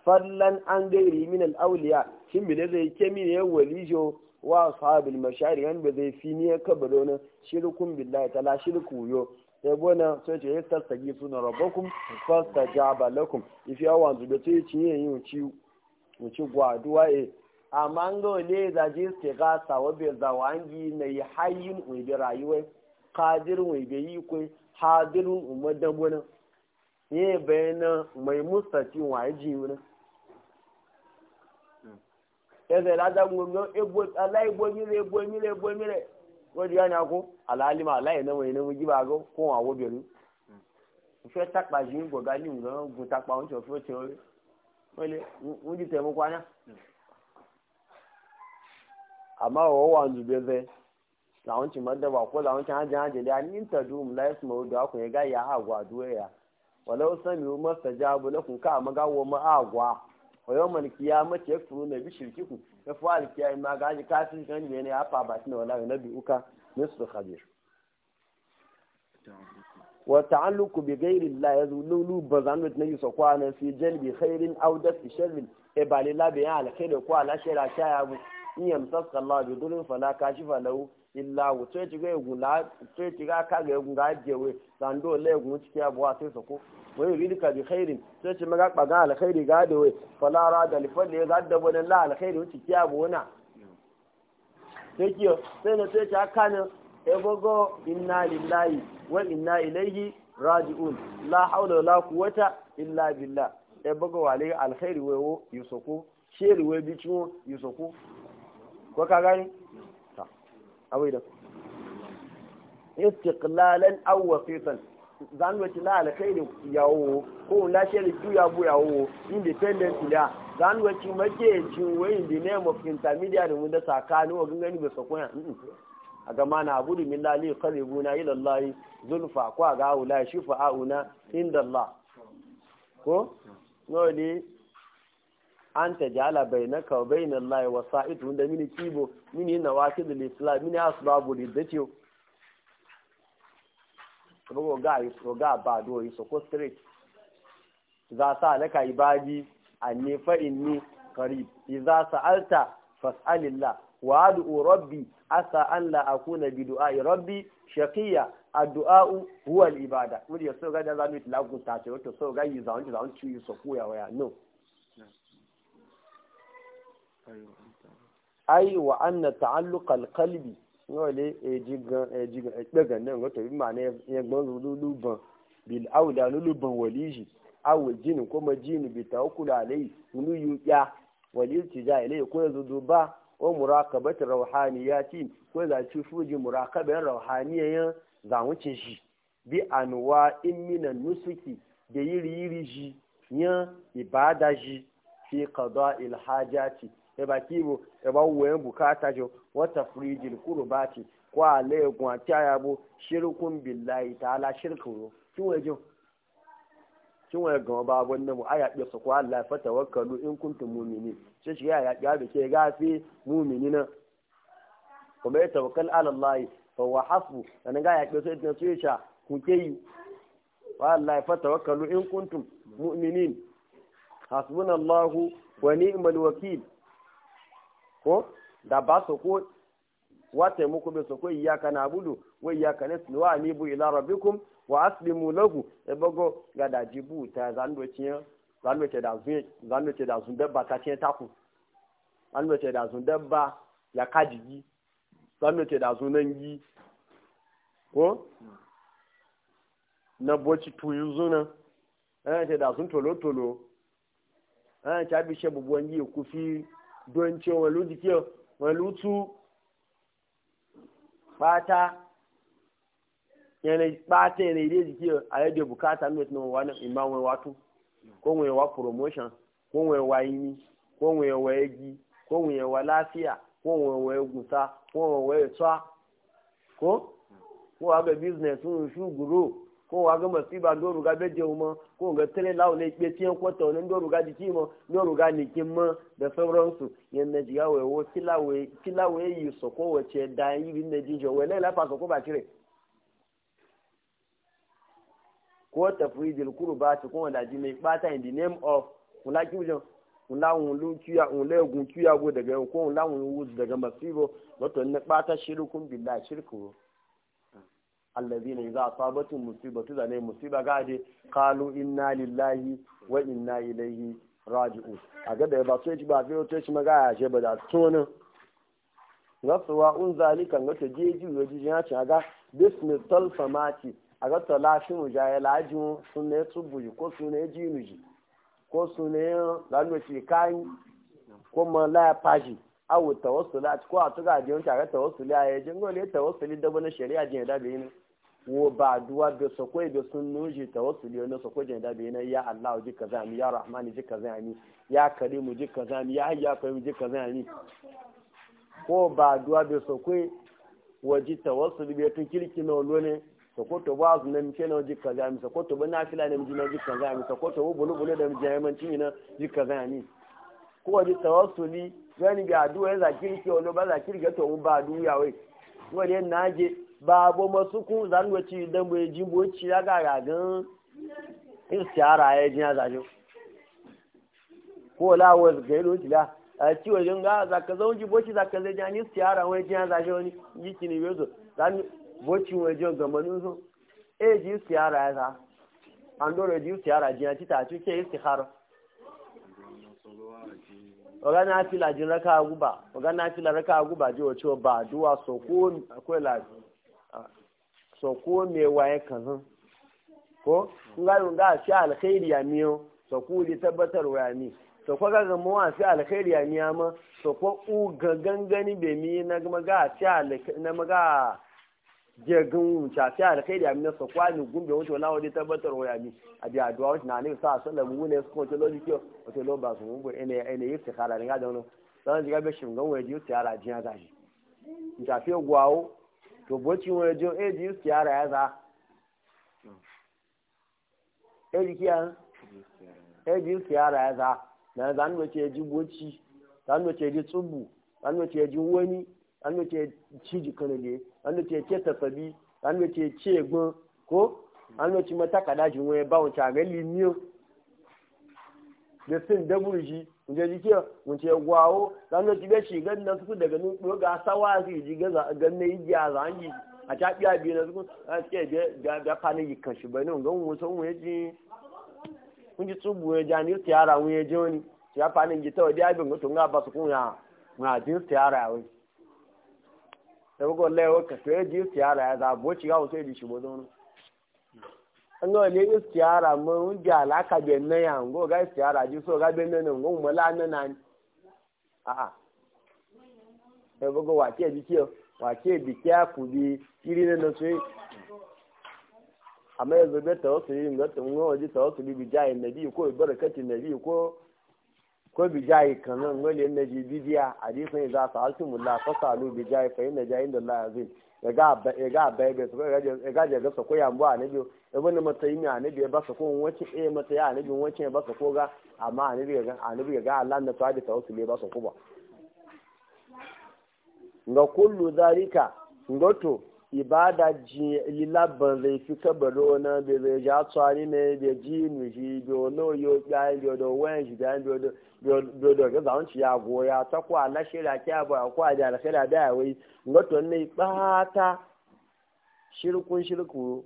fallan an gairi min al-awliya shin bi zai ke min ya walijo wa ashabul mashari an ba zai fi ne ka na shirkun billahi tala shirku yo sai gona sai ce ya tasagi suna rabbakum fastajaba lakum ifi awan zube ce ci yin ci uci gwaduwa e amma an ga wale za je ke ga sawa be zawangi na yi hayyin ubi rayuwa qadirun ubi yi kai hadirun umadan bona ni bayanan mai mustaci waye jiwuna ẹsẹ̀ ládàgbòmọ́ aláìgbòmílẹ̀ ìgbòmílẹ̀ ìgbòmílẹ̀ wọ́n di yáni akó alálìmọ̀ aláìnáwó ìnáwó jíba agó fún àwọn obìnrin ìfẹ́ tápà sí gbọ̀gá ní ìgbọ̀n gun tápà oúnjẹ fún ọtí orí wọ́n lé ń di tẹ̀mú kwányá. àmọ́ ọ̀wọ́ wà ń dùbẹ́ fẹ́ làwọn tí mọ́ dẹ́wà kó làwọn jẹ́ gáyà àgọ́ àdúrà yà. walau sami'u mastajabu lakum ka magawo ma agwa wa yawmal qiyamati yakfuruna bi shirkikum ya fa al qiyam ma gaji kafin kan ne ne afa ba tin na bi uka nisfu khabir wa ta'alluqu bi ghayri allah yazulu bazan ne yusa kwana fi jalbi khairin aw dafi sharrin e balila bi al khair ko ala shara shaya bu in yamsaka allah bi dhurrin fala kashifa lahu illa wuce ci ga egun la ce ci ga ka ga egun ga jewe sando le egun ci ya bo sai sako wai yuri ka bi khairin sai ce maga baga alkhairi ga da wai falara da lifan da ga da wani la alkhairi wuce kiya bu wana sai kiyo sai na sai ta e gogo inna lillahi wa inna ilaihi raji'un la hawla la quwwata illa billah ebogo wale alkhairi wewo yusuku sheri we bi ciwo yusuku ko ka gani ta awai da istiqlalan aw wasitan zanweci la da yawo ko la shari tuya bu yawo independent la zanweci make jiwe in the name of intermediary mun da sakani wa gangani ba sakoya a ga mana abudu min la li qaribuna ila allah zulfa ko ga wala shifa'una inda allah ko no ni an ta jala bai na bainallahi bai na wasa ita mini kibo mini na wasu da islam mini asbabu da suka ga yi suka ga ba doyi suko straight za sa laka ibadi anni fa inni qarib idza sa'alta fas'alillah wa ad'u rabbi asa an la akuna bi du'a'i rabbi shaqiya addu'a'u huwa al-ibada mun ya so ga da zamu tilaku ta ce wato so ga yi zawon ci zawon ci so koya waya no ai wa anna ta'alluqa al-qalbi wale ɗagan e e e nan wato bi ma'ana ya gban luluban bil auda luluban waliji awul jini ko majini bi tawakkul alai nulu yuya walil tija ilai ko ya zudu ba o muraqabati rauhaniyati ko za ci fuji muraqaban rauhaniyan zawucin shi bi anwa in minan nusuki da yiri yiri shi yan ibada shi fi qada il hajati e ba kibo e ba bukata jo wata frijil bati ko ale gun ati ayabo shirkun billahi ta'ala shirku kin wajo ki wajo ga ba wannan mu aya bi su ko Allah fa tawakkalu in kuntum mu'minin sai shi ya ya da ke gafi mu'minina kuma mai tawakkal ala Allah fa wa hasbu dan ga ya bi sai da su sha ku ke yi wallahi fa tawakkalu in kuntum mu'minin hasbunallahu wa ni'mal wakeel ko da ba su ko wa taimako bai su ko iyaka na budu wa iyaka ne su wa ni bu ila rabbikum wa aslimu lahu e bago ga da jibu ta zando ciyan zando ce da zun zando ce da zun ba ta ciyan taku zando ce da zun ba ya kajigi zando ce da zun nan gi ko na boci tuyu zuna ana eh, ce da zun tolo tolo ana eh, ce abishe bubuwan yi e kufi don ce walu jike walu tu bata yana bata yana ide jike a yadda bukata mai tunan wani imam wani watu ko wani wa promotion ko wani wa yini ko wani wa yagi ko wani wa lafiya ko wai wa gusa ko wai wa tsa ko ko aga business sun shi guro ko wa ga masiba ndo ruga beje mu ko ga tele lawo ne ke tiyan kwata wani ndo ruga jiki mu ndo ruga nikin mu da sauransu yanda jiga wai wo kilawe kilawe yi so ko wace da yi bin da jijo wai lai lafa so ko ba tire ko tafridil qurbati ko da ji mai bata in the name of kula kiwjo kula wun lu kiya un legun kiya go daga ko kula wun wuzu daga masibo wato ne kun bi da shirku allazina idza asabatuhum musibatu zane musiba gade qalu inna lillahi wa inna ilaihi raji'un aga da ba sai ba fi to shi maga ya she ba da tonin nasuwa un zalika ga ta jeji yoji ya ci aga bismi talfamati aga talashi mu ja ya lajin sunne tubuji ko sunne nuji ko sunne lanu ci kan ko ma la paji awu tawassula ko a tuga je ta ga tawassuli a je ngole tawassuli da bana shari'a je da ne. wo ba duwa da sakwai da sun nuji ta wasu liyo na sakwai da da na ya Allah ji kaza mi ya Rahman ji kaza mi ya Karim ji kaza mi ya Hayya Qayyum ji kaza mi ko ba duwa da sakwai waji ta wasu liyo tun kirki na wolo ne sakoto ba su na mike na ji kaza mi sakoto ba na fila na miji na ji kaza mi sakoto ba bulu bulu da miji ya manci na ji kaza mi ko waji tawassuli gani ga duwa ya zakirki wolo ba zakirki to ba duwa wai wani na je babu masu kun zanwaci don bai ji boci ya gara gan istiyara ya ji ya ga e a ga za ka zaunji boci za ka ji an ya zajo wani yi kini yozo zan boci wani ji gamanin so e ji ya za ji istiyara ji ci istihara oga na fila jin raka guba oga na fila raka guba ji ba duwa so ko so ko me waye kazan ko nga yun ga shi alkhairi ya miyo so ku li tabbatar wa ni so ko ga mu wa shi alkhairi ya miya ma so ko u ga gangani be mi na ga ga shi alkhairi na je gun cha shi alkhairi a ni gun be wato lawo wadda tabbatar wa ni a biya aduwa na ni sa sallan wune ko to telo jikiyo to lo ba su mugu ene ene yi su kala ne ga da wani be shi bai shimgan wani jiyo su yara jiya gashi in tafiya gwao to bocin wani jo eji ara ya za eji kiya eji ara ya za na eza wace eji gbochi zan wace eji tubu zan wace eji wani zan wace ciji kanale zan wace ce tafabi zan wace ce egbon ko zan wace matakada jin wani e bawon cagali niyo da sin nje jike wunce gwawo ranar jibe shi gan na suku daga nun kuro ga sawa zai ji gan na yi a zangi a ta biya biyu na suku a suke biya biya fana yi kan bai nan gan wuce wuce ji kun ji ya ja ni tiyara wuce ji wani ya fani yi ta wadi abin gutu nga ba su kun ya na ji tiyara ya ka ji ga ji shi nga wale istiyara mun wunji alaka benna ya ngo ga istiyara ji so ga benna ne mu lana na ni a ah, a ah. e bogo wa bi kiyo wa ke bi kiya ku bi iri ne no sai amma yanzu bai ta wasu yin gata mun waje ta wasu bi jayi nabi ko barakati nabi ko ko bi jayi kanan ngole nabi bibiya hadisin za ta altimullah fasalu bi jayi fa inna jayi da Allah azim ga aba ebe ga je ga a nabi ebe na mata imi a nabi e mata ya nabi wancin ba sako ga amma a nabi ga a nabi ga ala na tsaji ta wasu ba sako ba ga kullu zalika ngoto ibada ji lilaban zai fi kabaro na bai zai ja tsari ne bai ji mu ji ya wen dodo ga zawon ci ya goya ta kwa na shira kya ba kwa da alkhira da ya wai ngato ne bata shirkun shirku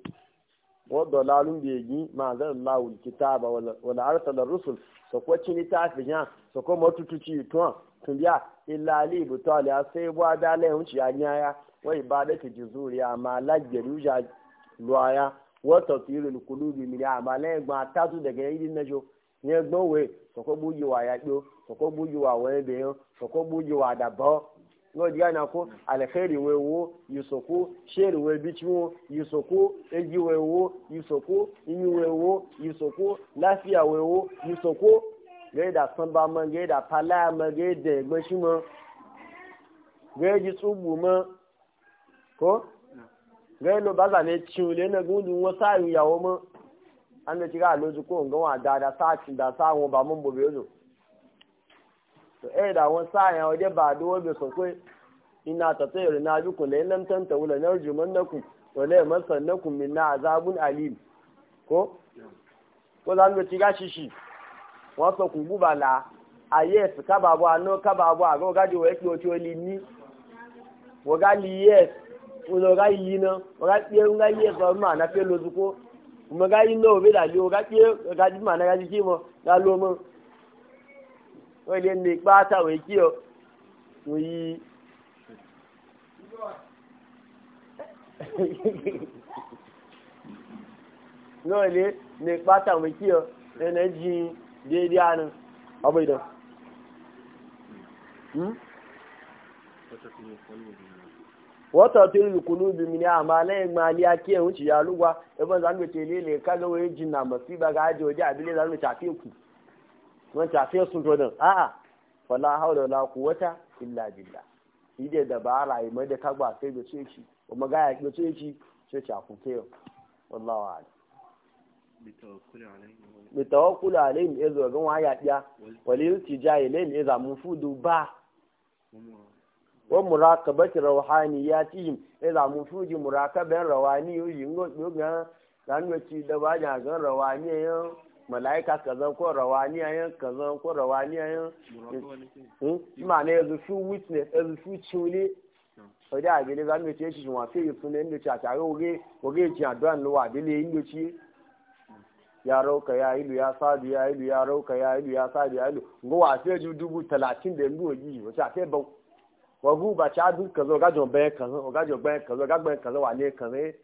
wa dalalun bi yi ma zan Allahu alkitaba wal arsal ar-rusul so ko cini ta fi ya so ko matutuci to tun biya illa li butali sai bwa da lai hunci ya nyaya wa ibadatu juzuriya ma lajjaru ja luaya wa tafsirul qulubi min a'malai ma tazu daga yidin najo nye gbowe soko buji wa yaɗo soko buji wa waybeyo soko buji wa dabbo ngo diga na ko alkhairi we wo yusoku sheri we bichi wo yusoku eji we wo yusoku inyi we wo yusoku lafiya we wo yusoku ge da samba ma ge da ma ge gbashi ma ge ma ko ge lo baza ne na gundu ma an da shiga alozu ko nga wa da da sacin da sahun ba mun bobe zo to eh, da waje ba ina ta tsayar na ji ku lai azabun alim ko ko ku a yes ni ga li yes ga na ga ga yes ba ma na kuma ga yi nawa bai liyo ga ke ga ji mana ga ji ki mo ga lo mo o le ne pa ta we ki o mo yi no le ne pa ta we ki o ne ne ji de de anu wata tun kulubi mini amma na yin maliya ke wuce ya lugwa ibn zan ga tele ne kaga waye jinna masiba ga aje waje abin zan ga tafi ku mun tafi sun to din a a wala hawla wala quwwata illa billah shi da dabara yi mai da kagba sai da ce shi ya ga ce ala ba wa murakabati ruhaniyatihim idza mufuji murakaban rawani yingo yoga dan wace da ba ya ga rawani yan malaika kaza ko rawani yan kaza ko rawani yan hmm ma ne yanzu su witness yanzu su chuli o da ga ne zan wace shi shi wa sai su ne ne cha ga oge oge ji adwan lo wa abele yin ci ya rauka ya ilu ya sadu ya ilu ya rauka ya ilu ya sadu ya ilu ngo wa sai ju dubu 30 da ngo ji wace sai bau wagu ba cha du kazo ga jo be kazo ga jo be kazo ga be kazo wa le kazo e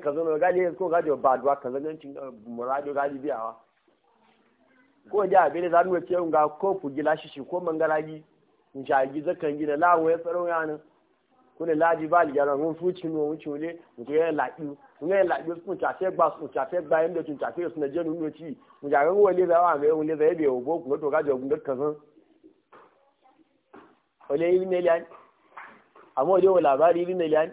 kazo no ga le ko ga jo ba dwa kazo ne cin murado ga ji biyawa ko ja be da zanu ce ga ko ku gila shi ko mangalagi in zakan gina lawo ya tsaro yana kuna laji ba li yaran mun fuci no wuce wule mutu ya laɗi mun ya laɗi sun to wale yi na amma wa labari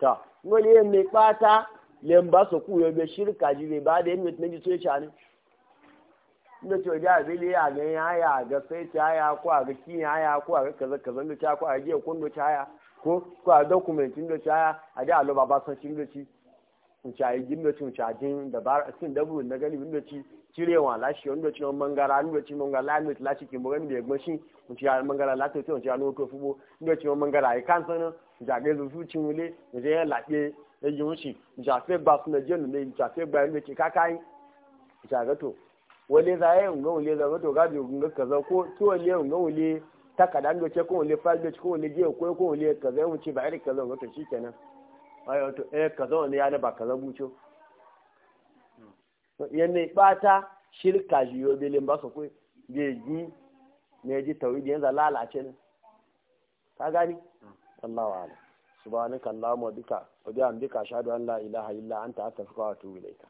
ta wale yin mai su shirka ji ba da yin mutum ji shani inda ce wajen abili a ga a ga sai ta haya ko a ga kiyin haya ko a ga kaza kaza da ta ko a ga ta ko ko a dokumentin da ta a ga alo san shi ci in ci a yi ci in ci a jin da ba dabu na galibin ci cirewa lashi wani doci mangara wani doci mangara wani doci lashi ke mura da gbon shi mun ci mangara lati sai mun ci yaran ko fubo wani doci mangara ya kan sanan jage zu su cin wule mu je yan laɗe ya yi wuce jafe ba su na jenu ne jafe ba yana ke kakayi jagato wale za ya yi ungan wale zagato gaji ungan kaza ko ki unga wule ta kada ndo ce ko wale fal ko wale jiya ko ko wale kaza ya wuce ba iri kaza ungan shi kenan ayo to eh kaza wani ya ne ba kaza buco yana bata shirka jiyo bilin ba su kai beji ne ji tawidi yanzu lalace ne ka gani Allah wa ala subhanaka allahumma bika wa bihamdika ashhadu an la ilaha illa anta astaghfiruka wa atubu ilayka